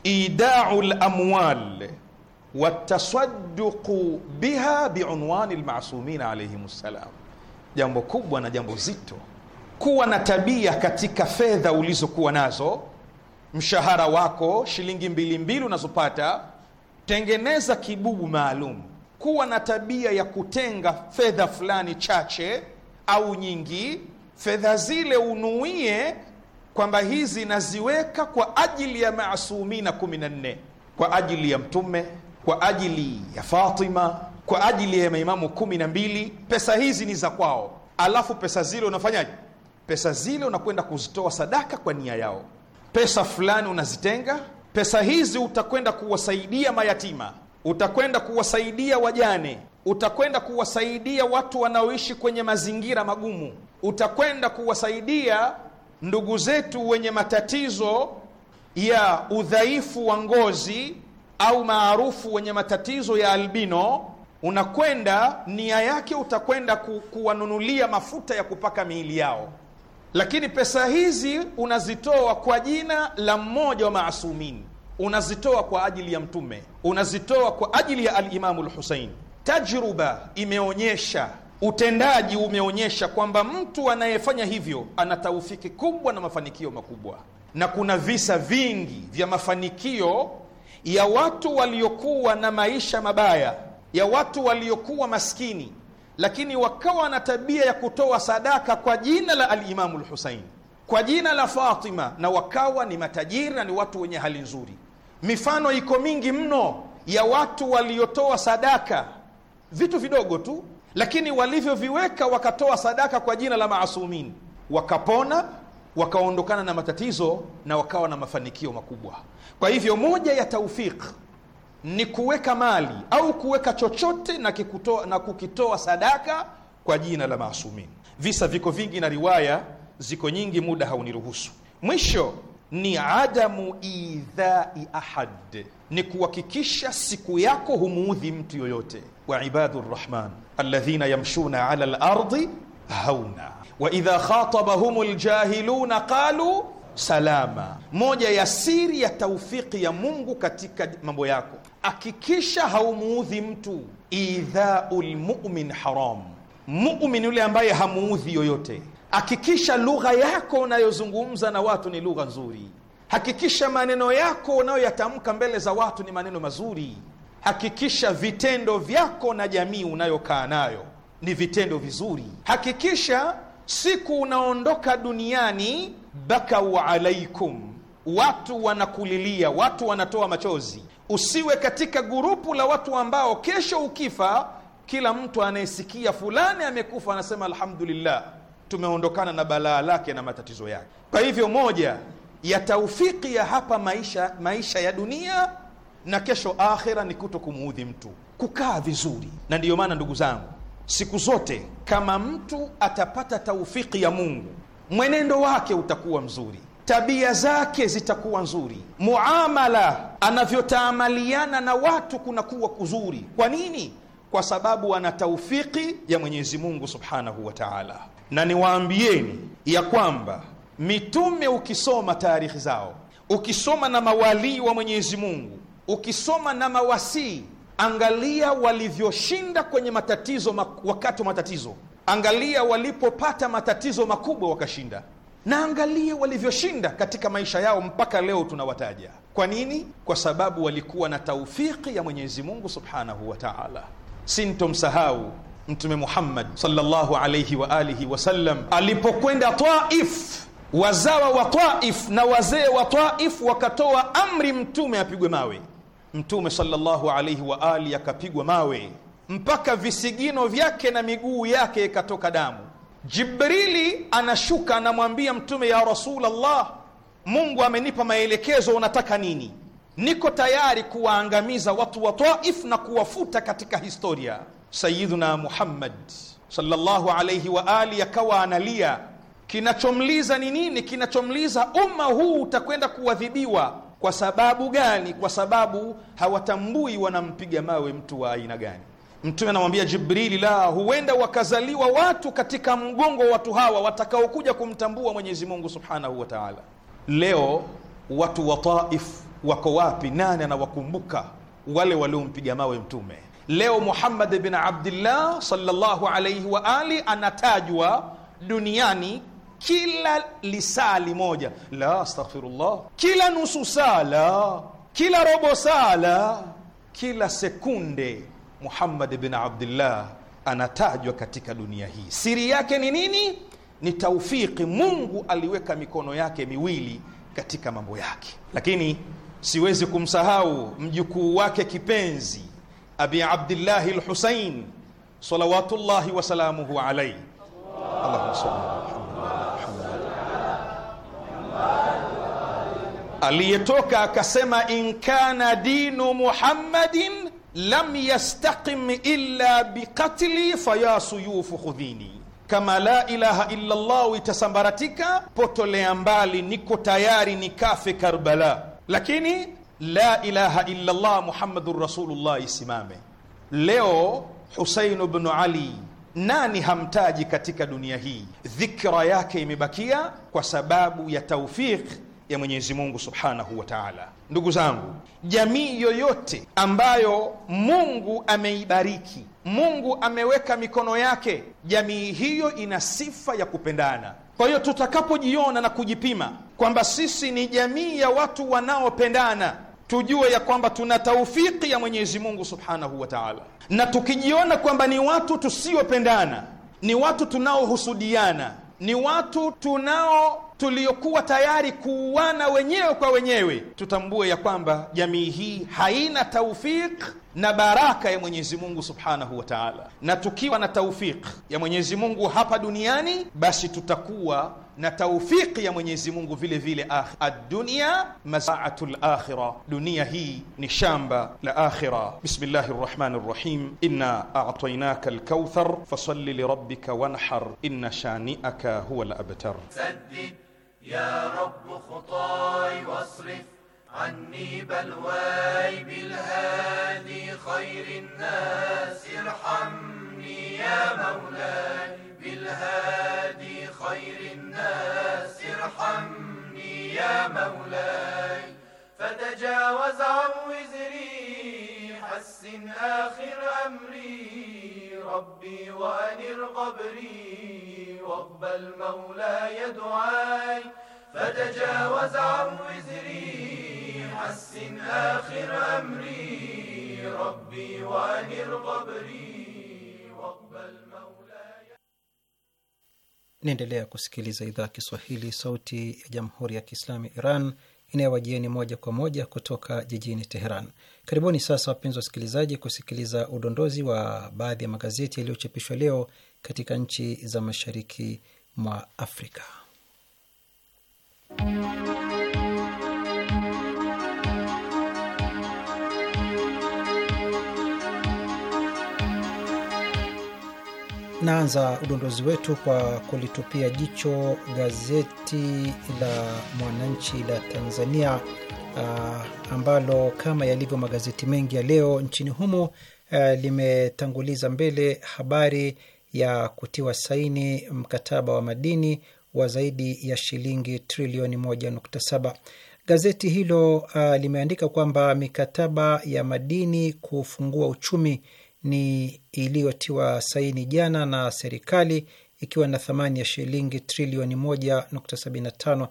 idau lamwal wataswaduku biha biunwani lmasumin alaihim ssalam jambo kubwa na jambo zito, kuwa na tabia katika fedha ulizokuwa nazo, mshahara wako shilingi mbili mbili unazopata, tengeneza kibubu maalum. Kuwa na tabia ya kutenga fedha fulani chache au nyingi, fedha zile unuie kwamba hizi naziweka kwa ajili ya maasumina kumi na nne, kwa ajili ya Mtume, kwa ajili ya Fatima kwa ajili ya maimamu kumi na mbili. Pesa hizi ni za kwao, alafu pesa zile unafanyaje? Pesa zile unakwenda kuzitoa sadaka kwa nia yao, pesa fulani unazitenga. Pesa hizi utakwenda kuwasaidia mayatima, utakwenda kuwasaidia wajane, utakwenda kuwasaidia watu wanaoishi kwenye mazingira magumu, utakwenda kuwasaidia ndugu zetu wenye matatizo ya udhaifu wa ngozi au maarufu wenye matatizo ya albino unakwenda nia yake utakwenda ku, kuwanunulia mafuta ya kupaka miili yao, lakini pesa hizi unazitoa kwa jina la mmoja wa maasumin unazitoa kwa ajili ya Mtume, unazitoa kwa ajili ya Alimamu Lhusein. Tajruba imeonyesha utendaji umeonyesha kwamba mtu anayefanya hivyo ana taufiki kubwa na mafanikio makubwa, na kuna visa vingi vya mafanikio ya watu waliokuwa na maisha mabaya ya watu waliokuwa maskini, lakini wakawa na tabia ya kutoa sadaka kwa jina la Alimamu Lhusaini, kwa jina la Fatima, na wakawa ni matajiri na ni watu wenye hali nzuri. Mifano iko mingi mno ya watu waliotoa sadaka vitu vidogo tu, lakini walivyoviweka wakatoa sadaka kwa jina la maasumin, wakapona wakaondokana na matatizo na wakawa na mafanikio makubwa. Kwa hivyo moja ya taufiki ni kuweka mali au kuweka chochote na, kikutoa, na kukitoa sadaka kwa jina la maasumin. Visa viko vingi na riwaya ziko nyingi, muda hauniruhusu. Mwisho ni adamu idhai ahad, ni kuhakikisha siku yako humuudhi mtu yoyote. Wa ibadu rrahman alladhina yamshuna ala lardi hauna wa idha khatabahum ljahiluna qalu salama. Moja ya siri ya taufiki ya Mungu katika mambo yako hakikisha haumuudhi mtu. Idhau lmumin haram, mumin yule ambaye hamuudhi yoyote. Hakikisha lugha yako unayozungumza na watu ni lugha nzuri. Hakikisha maneno yako unayoyatamka mbele za watu ni maneno mazuri. Hakikisha vitendo vyako na jamii unayokaa nayo ni vitendo vizuri. Hakikisha siku unaondoka duniani, bakau alaikum, watu wanakulilia, watu wanatoa machozi usiwe katika gurupu la watu ambao kesho ukifa, kila mtu anayesikia fulani amekufa anasema alhamdulillah, tumeondokana na balaa lake na matatizo yake. Kwa hivyo moja ya taufiki ya hapa maisha, maisha ya dunia na kesho akhira ni kuto kumuudhi mtu, kukaa vizuri. Na ndiyo maana ndugu zangu, siku zote kama mtu atapata taufiki ya Mungu, mwenendo wake utakuwa mzuri tabia zake zitakuwa nzuri, muamala anavyotaamaliana na watu kunakuwa kuzuri. Kwa nini? Kwa sababu ana taufiki ya Mwenyezi Mungu subhanahu wa taala. Na niwaambieni ya kwamba mitume, ukisoma taarikhi zao, ukisoma na mawalii wa Mwenyezi Mungu, ukisoma na mawasii, angalia walivyoshinda kwenye matatizo wakati wa matatizo, angalia walipopata matatizo makubwa wakashinda na angalie walivyoshinda katika maisha yao mpaka leo tunawataja. Kwa nini? Kwa sababu walikuwa na taufiki ya Mwenyezi Mungu subhanahu wa taala. Sintomsahau Mtume Muhammad sallallahu alayhi wa alihi wasallam alipokwenda Taif, wazawa wa Taif na wazee wa Taif wakatoa amri Mtume apigwe mawe. Mtume sallallahu alayhi wa alihi akapigwa mawe mpaka visigino vyake na miguu yake ikatoka damu. Jibrili anashuka anamwambia Mtume, ya Rasulullah, Mungu amenipa maelekezo, unataka nini? Niko tayari kuwaangamiza watu wa Taif na kuwafuta katika historia. Sayyiduna Muhammad sallallahu alayhi wa ali akawa analia. Kinachomliza ni nini? Kinachomliza umma huu utakwenda kuadhibiwa. Kwa sababu gani? Kwa sababu hawatambui wanampiga mawe mtu wa aina gani. Mtume anamwambia Jibrili, la huenda wakazaliwa watu katika mgongo wa watu hawa watakaokuja kumtambua Mwenyezi Mungu subhanahu wa taala. Leo watu wa Taif wako wapi? Nani anawakumbuka wale waliompiga mawe Mtume? Leo Muhammad bin Abdillah sallallahu alaihi wa ali anatajwa duniani kila lisaa limoja, la astaghfirullah, kila nusu saa, la kila robo saa, la kila sekunde Muhammad bin Abdullah anatajwa katika dunia hii. Siri yake ni nini? Ni taufiki. Mungu aliweka mikono yake miwili katika mambo yake, lakini siwezi kumsahau mjukuu wake kipenzi Abi Abdillahi Lhusain salawatullahi wasalamuhu alaihi. Aliyetoka akasema in kana dinu Muhammadin lam yastaqim illa biqatli faya suyufu khudhini kama la ilaha illa llahu itasambaratika, potolea mbali, niko tayari ni kafe Karbala, lakini la ilaha illa llah muhammadun rasulullah isimame. Leo Husainu bnu Ali nani hamtaji katika dunia hii? Dhikra yake imebakia kwa sababu ya taufiq ya Mwenyezi Mungu subhanahu wa taala. Ndugu zangu, jamii yoyote ambayo Mungu ameibariki, Mungu ameweka mikono yake, jamii hiyo ina sifa ya kupendana. Kwa hiyo tutakapojiona na kujipima kwamba sisi ni jamii ya watu wanaopendana, tujue ya kwamba tuna taufiki ya Mwenyezi Mungu subhanahu wa taala, na tukijiona kwamba ni watu tusiopendana, ni watu tunaohusudiana, ni watu tunao tuliyokuwa tayari kuuana wenyewe kwa wenyewe, tutambue ya kwamba jamii hii haina taufik na baraka ya Mwenyezi Mungu Subhanahu wa Ta'ala. Na tukiwa na taufik ya Mwenyezi Mungu hapa duniani, basi tutakuwa na taufiki ya Mwenyezi Mungu vile vile. Ah, ad-dunya mazaatul akhirah, dunia hii ni shamba la akhira. Bismillahir rahmanir rahim, inna a'tainaka al-kauthar fasalli li rabbika wanhar, inna shani'aka huwa al-abtar. يا رب خطاي واصرف عني بلواي بالهادي خير الناس ارحمني يا مولاي بالهادي خير الناس ارحمني يا مولاي فتجاوز عن وزري حسن آخر أمري ربي وأنر قبري واقبل مولاي دعاي فتجاوز عن وزري حسن آخر أمري ربي وأنر قبري واقبل مولاي Naendelea kusikiliza idhaa ya Kiswahili, sauti ya jamhuri ya kiislamu Iran inayowajieni moja kwa moja kutoka jijini Teheran. Karibuni sasa, wapenzi wasikilizaji, kusikiliza udondozi wa baadhi ya magazeti yaliyochapishwa leo katika nchi za mashariki mwa Afrika. Naanza udondozi wetu kwa kulitupia jicho gazeti la Mwananchi la Tanzania uh, ambalo kama yalivyo magazeti mengi ya leo nchini humo uh, limetanguliza mbele habari ya kutiwa saini mkataba wa madini wa zaidi ya shilingi trilioni 1.7. Gazeti hilo uh, limeandika kwamba mikataba ya madini kufungua uchumi ni iliyotiwa saini jana na serikali ikiwa na thamani ya shilingi trilioni 1.75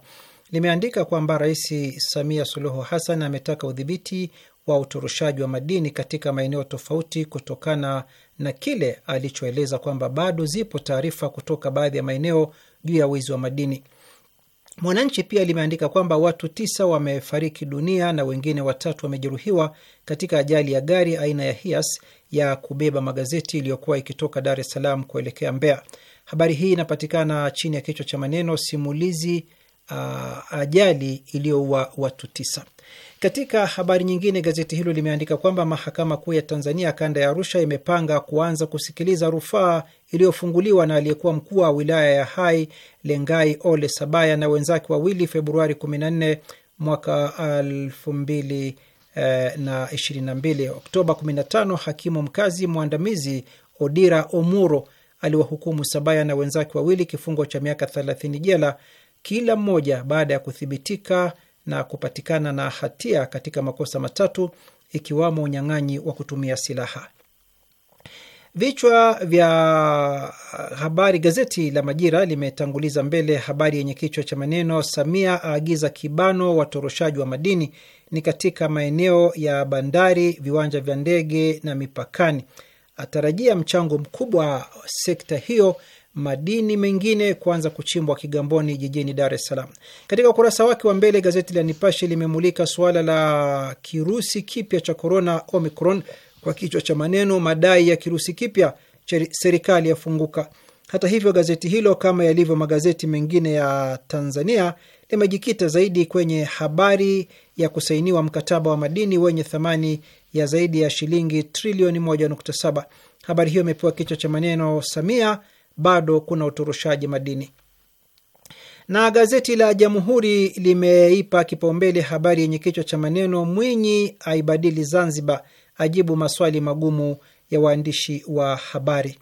limeandika kwamba Rais Samia Suluhu Hassan ametaka udhibiti wa utoroshaji wa madini katika maeneo tofauti kutokana na kile alichoeleza kwamba bado zipo taarifa kutoka baadhi ya maeneo juu ya wizi wa madini. Mwananchi pia limeandika kwamba watu tisa wamefariki dunia na wengine watatu wamejeruhiwa katika ajali ya gari aina ya Hiace ya kubeba magazeti iliyokuwa ikitoka Dar es Salaam kuelekea Mbeya. Habari hii inapatikana chini ya kichwa cha maneno simulizi uh, ajali iliyoua watu tisa. Katika habari nyingine, gazeti hilo limeandika kwamba mahakama kuu ya Tanzania kanda ya Arusha imepanga kuanza kusikiliza rufaa iliyofunguliwa na aliyekuwa mkuu wa wilaya ya Hai Lengai Ole Sabaya na wenzake wawili Februari 14 mwaka uh, elfu mbili Eh, na 22. Oktoba 15, hakimu mkazi mwandamizi Odira Omuro aliwahukumu Sabaya na wenzake wawili kifungo cha miaka 30 jela kila mmoja baada ya kuthibitika na kupatikana na hatia katika makosa matatu ikiwamo unyang'anyi wa kutumia silaha. Vichwa vya habari. Gazeti la Majira limetanguliza mbele habari yenye kichwa cha maneno Samia aagiza kibano watoroshaji wa madini ni katika maeneo ya bandari, viwanja vya ndege na mipakani, atarajia mchango mkubwa sekta hiyo, madini mengine kuanza kuchimbwa Kigamboni jijini Dar es Salaam. Katika ukurasa wake wa mbele, gazeti la Nipashe limemulika suala la kirusi kipya cha korona, Omicron kwa kichwa cha maneno madai ya kirusi kipya, serikali yafunguka. Hata hivyo, gazeti hilo kama yalivyo magazeti mengine ya Tanzania limejikita zaidi kwenye habari ya kusainiwa mkataba wa madini wenye thamani ya zaidi ya shilingi trilioni 1.7. Habari hiyo imepewa kichwa cha maneno Samia, bado kuna utoroshaji madini. Na gazeti la Jamhuri limeipa kipaumbele habari yenye kichwa cha maneno Mwinyi aibadili Zanzibar, ajibu maswali magumu ya waandishi wa habari.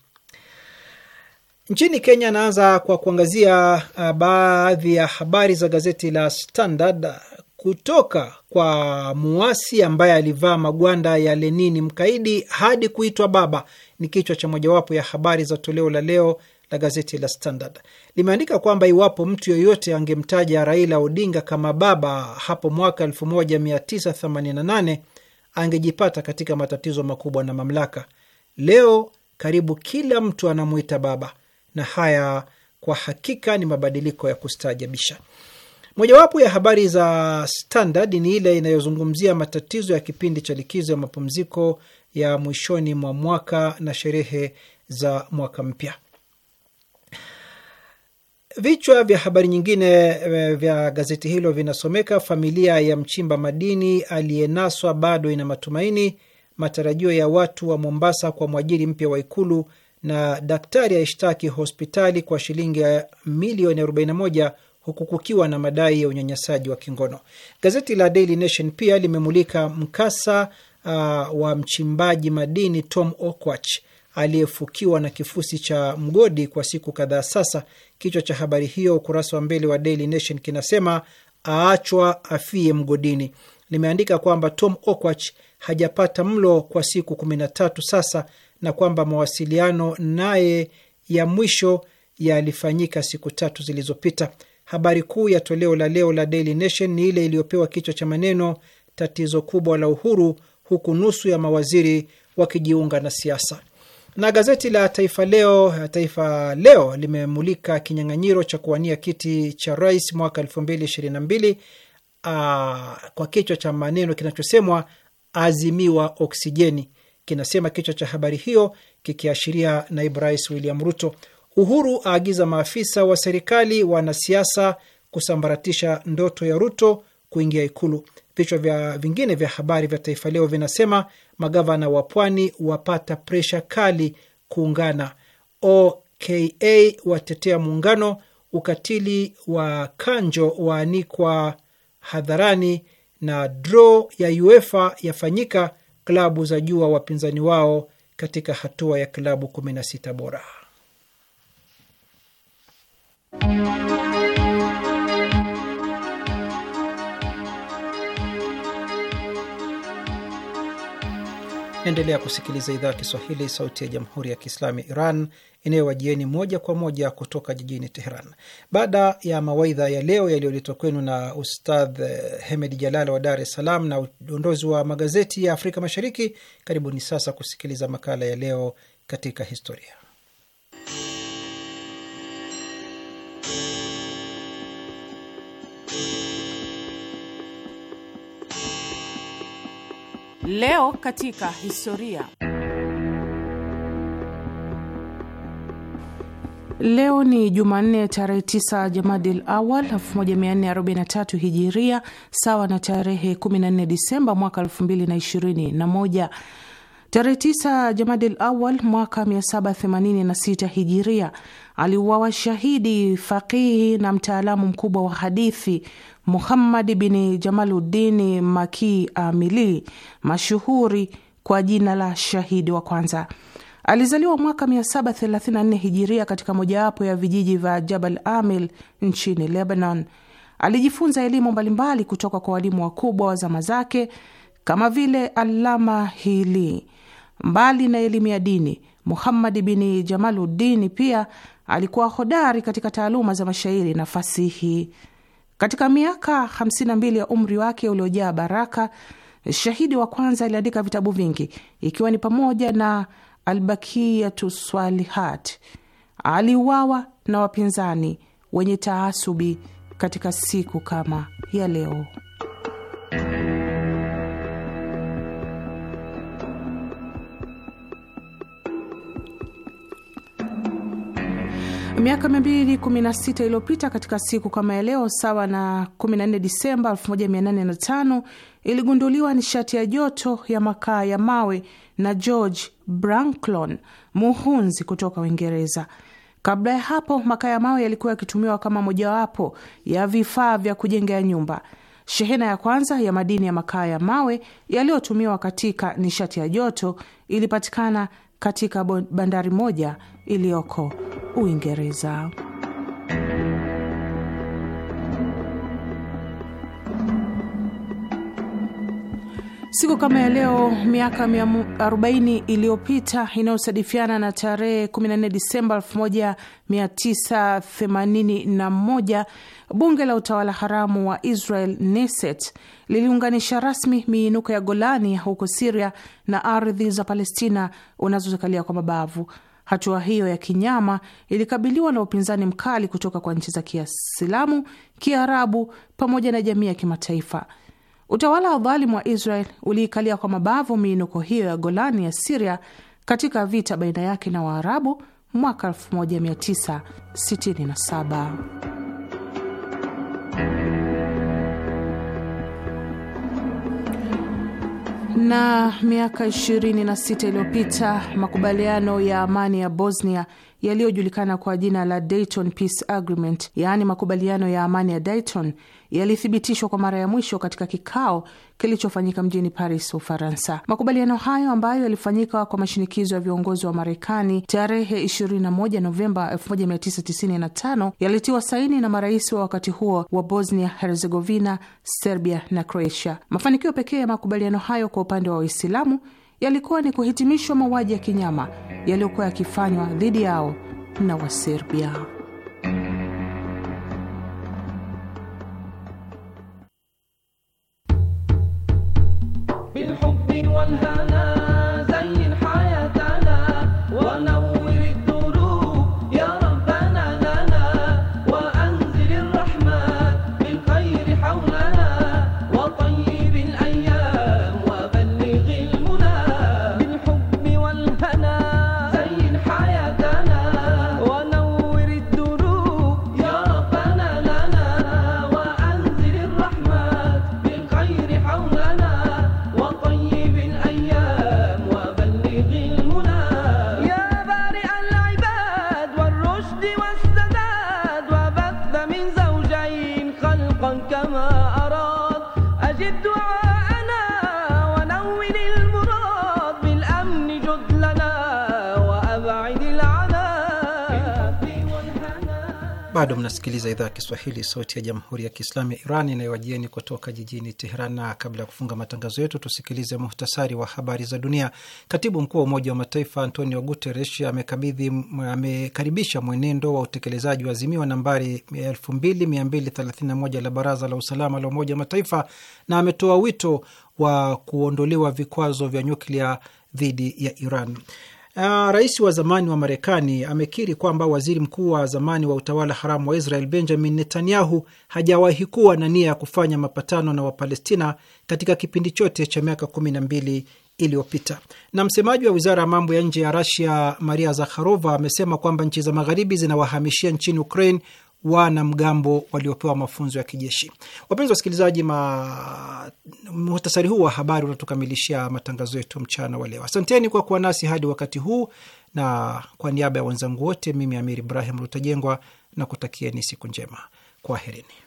Nchini Kenya, anaanza kwa kuangazia uh, baadhi ya habari za gazeti la Standard uh, kutoka kwa muasi ambaye alivaa magwanda ya Lenini mkaidi hadi kuitwa baba, ni kichwa cha mojawapo ya habari za toleo la leo la gazeti la Standard. Limeandika kwamba iwapo mtu yoyote angemtaja Raila Odinga kama baba hapo mwaka angejipata katika matatizo makubwa na mamlaka. Leo karibu kila mtu anamwita baba, na haya kwa hakika ni mabadiliko ya kustaajabisha. Mojawapo ya habari za Standard ni ile inayozungumzia matatizo ya kipindi cha likizo ya mapumziko ya mwishoni mwa mwaka na sherehe za mwaka mpya. Vichwa vya habari nyingine eh, vya gazeti hilo vinasomeka: familia ya mchimba madini aliyenaswa bado ina matumaini, matarajio ya watu wa Mombasa kwa mwajiri mpya wa Ikulu, na daktari aishtaki hospitali kwa shilingi ya milioni 41 huku kukiwa na madai ya unyanyasaji wa kingono. Gazeti la Daily Nation pia limemulika mkasa uh, wa mchimbaji madini Tom Okwach aliyefukiwa na kifusi cha mgodi kwa siku kadhaa sasa. Kichwa cha habari hiyo ukurasa wa mbele wa Daily Nation kinasema aachwa afie mgodini. Limeandika kwamba Tom Okwach hajapata mlo kwa siku kumi na tatu sasa na kwamba mawasiliano naye ya mwisho yalifanyika siku tatu zilizopita. Habari kuu ya toleo la leo la Daily Nation ni ile iliyopewa kichwa cha maneno tatizo kubwa la uhuru, huku nusu ya mawaziri wakijiunga na siasa. Na gazeti la Taifa Leo, Taifa Leo limemulika kinyang'anyiro cha kuwania kiti cha rais mwaka elfu mbili ishirini na mbili ah, kwa kichwa cha maneno kinachosemwa azimiwa oksijeni. Kinasema kichwa cha habari hiyo kikiashiria naibu rais William Ruto. Uhuru aagiza maafisa wa serikali, wanasiasa kusambaratisha ndoto ya Ruto kuingia Ikulu. Vichwa vya vingine vya habari vya Taifa Leo vinasema magavana wa pwani wapata presha kali kuungana, OKA watetea muungano, ukatili wa Kanjo waanikwa hadharani, na dro ya UEFA yafanyika, klabu za jua wapinzani wao katika hatua ya klabu 16 bora. Naendelea kusikiliza idhaa ya Kiswahili, sauti ya jamhuri ya kiislamu ya Iran inayowajieni moja kwa moja kutoka jijini Teheran. Baada ya mawaidha ya leo yaliyoletwa kwenu na Ustadh Hemed Jalala wa Dar es Salaam na udondozi wa magazeti ya Afrika Mashariki, karibuni sasa kusikiliza makala ya leo katika historia. Leo katika historia. Leo ni Jumanne tarehe 9 Jamadil Awal 1443 Hijiria, sawa na tarehe 14 Disemba mwaka 2021. Tarehe 9 Jamadil Awal mwaka 786 Hijiria aliuawa shahidi faqihi na mtaalamu mkubwa wa hadithi Muhammad bin Jamaludini Maki Amili, mashuhuri kwa jina la Shahidi wa Kwanza. Alizaliwa mwaka 734 hijiria katika mojawapo ya vijiji vya Jabal Amil nchini Lebanon. Alijifunza elimu mbalimbali kutoka kwa walimu wakubwa wa zama zake kama vile Allama Hili. Mbali na elimu ya dini, Muhammad bin Jamaludini pia alikuwa hodari katika taaluma za mashairi na fasihi. Katika miaka 52 ya umri wake uliojaa baraka, shahidi wa kwanza aliandika vitabu vingi ikiwa ni pamoja na Albakiyatu Swalihat. Aliuawa na wapinzani wenye taasubi katika siku kama ya leo. Miaka 216 iliyopita katika siku kama leo, sawa na 14 Disemba 1805, iligunduliwa nishati ya joto ya makaa ya mawe na George Branklon, muhunzi kutoka Uingereza. Kabla ya hapo, makaa ya mawe yalikuwa yakitumiwa kama mojawapo ya vifaa vya kujengea nyumba. Shehena ya kwanza ya madini ya makaa ya mawe yaliyotumiwa katika nishati ya joto ilipatikana katika bandari moja iliyoko Uingereza. Siku kama ya leo miaka 40 iliyopita inayosadifiana na tarehe 14 Disemba 1981, bunge la utawala haramu wa Israel Knesset liliunganisha rasmi miinuko ya Golani huko Siria na ardhi za Palestina unazozikalia kwa mabavu. Hatua hiyo ya kinyama ilikabiliwa na upinzani mkali kutoka kwa nchi za Kiislamu, Kiarabu pamoja na jamii ya kimataifa. Utawala wa dhalimu wa Israel uliikalia kwa mabavu miinuko hiyo ya Golani ya Siria katika vita baina yake na Waarabu mwaka 1967. Na miaka 26 iliyopita makubaliano ya amani ya Bosnia yaliyojulikana kwa jina la Dayton Peace Agreement, yaani makubaliano ya amani ya Dayton, yalithibitishwa kwa mara ya mwisho katika kikao kilichofanyika mjini Paris, Ufaransa. Makubaliano hayo ambayo yalifanyika kwa mashinikizo ya viongozi wa Marekani tarehe 21 Novemba 1995 yalitiwa saini na marais wa wakati huo wa Bosnia Herzegovina, Serbia na Croatia. Mafanikio pekee ya makubaliano hayo kwa upande wa Waislamu yalikuwa ni kuhitimishwa mauaji ya kinyama yaliyokuwa yakifanywa dhidi yao na Waserbia. Bado mnasikiliza idhaa ya Kiswahili, sauti ya jamhuri ya kiislamu ya Iran inayowajieni kutoka jijini Teheran. Na kabla ya kufunga matangazo yetu, tusikilize muhtasari wa habari za dunia. Katibu mkuu wa Umoja wa Mataifa Antonio Guterres amekabidhi amekaribisha mwenendo wa utekelezaji wa azimio nambari 2231 la Baraza la Usalama la Umoja wa Mataifa na ametoa wito wa kuondolewa vikwazo vya nyuklia dhidi ya Iran. Uh, rais wa zamani wa Marekani amekiri kwamba waziri mkuu wa zamani wa utawala haramu wa Israel Benjamin Netanyahu hajawahi kuwa na nia ya kufanya mapatano na Wapalestina katika kipindi chote cha miaka kumi na mbili iliyopita. Na msemaji wa wizara ya mambo ya nje ya Rasia Maria Zakharova amesema kwamba nchi za magharibi zinawahamishia nchini Ukraine wanamgambo waliopewa mafunzo ya kijeshi. Wapenzi wa wasikilizaji, ma... muhtasari huu wa habari unatukamilishia matangazo yetu mchana wa leo. Asanteni kwa kuwa nasi hadi wakati huu, na kwa niaba ya wenzangu wote, mimi Amir Ibrahim Rutajengwa na kutakieni siku njema. Kwaherini.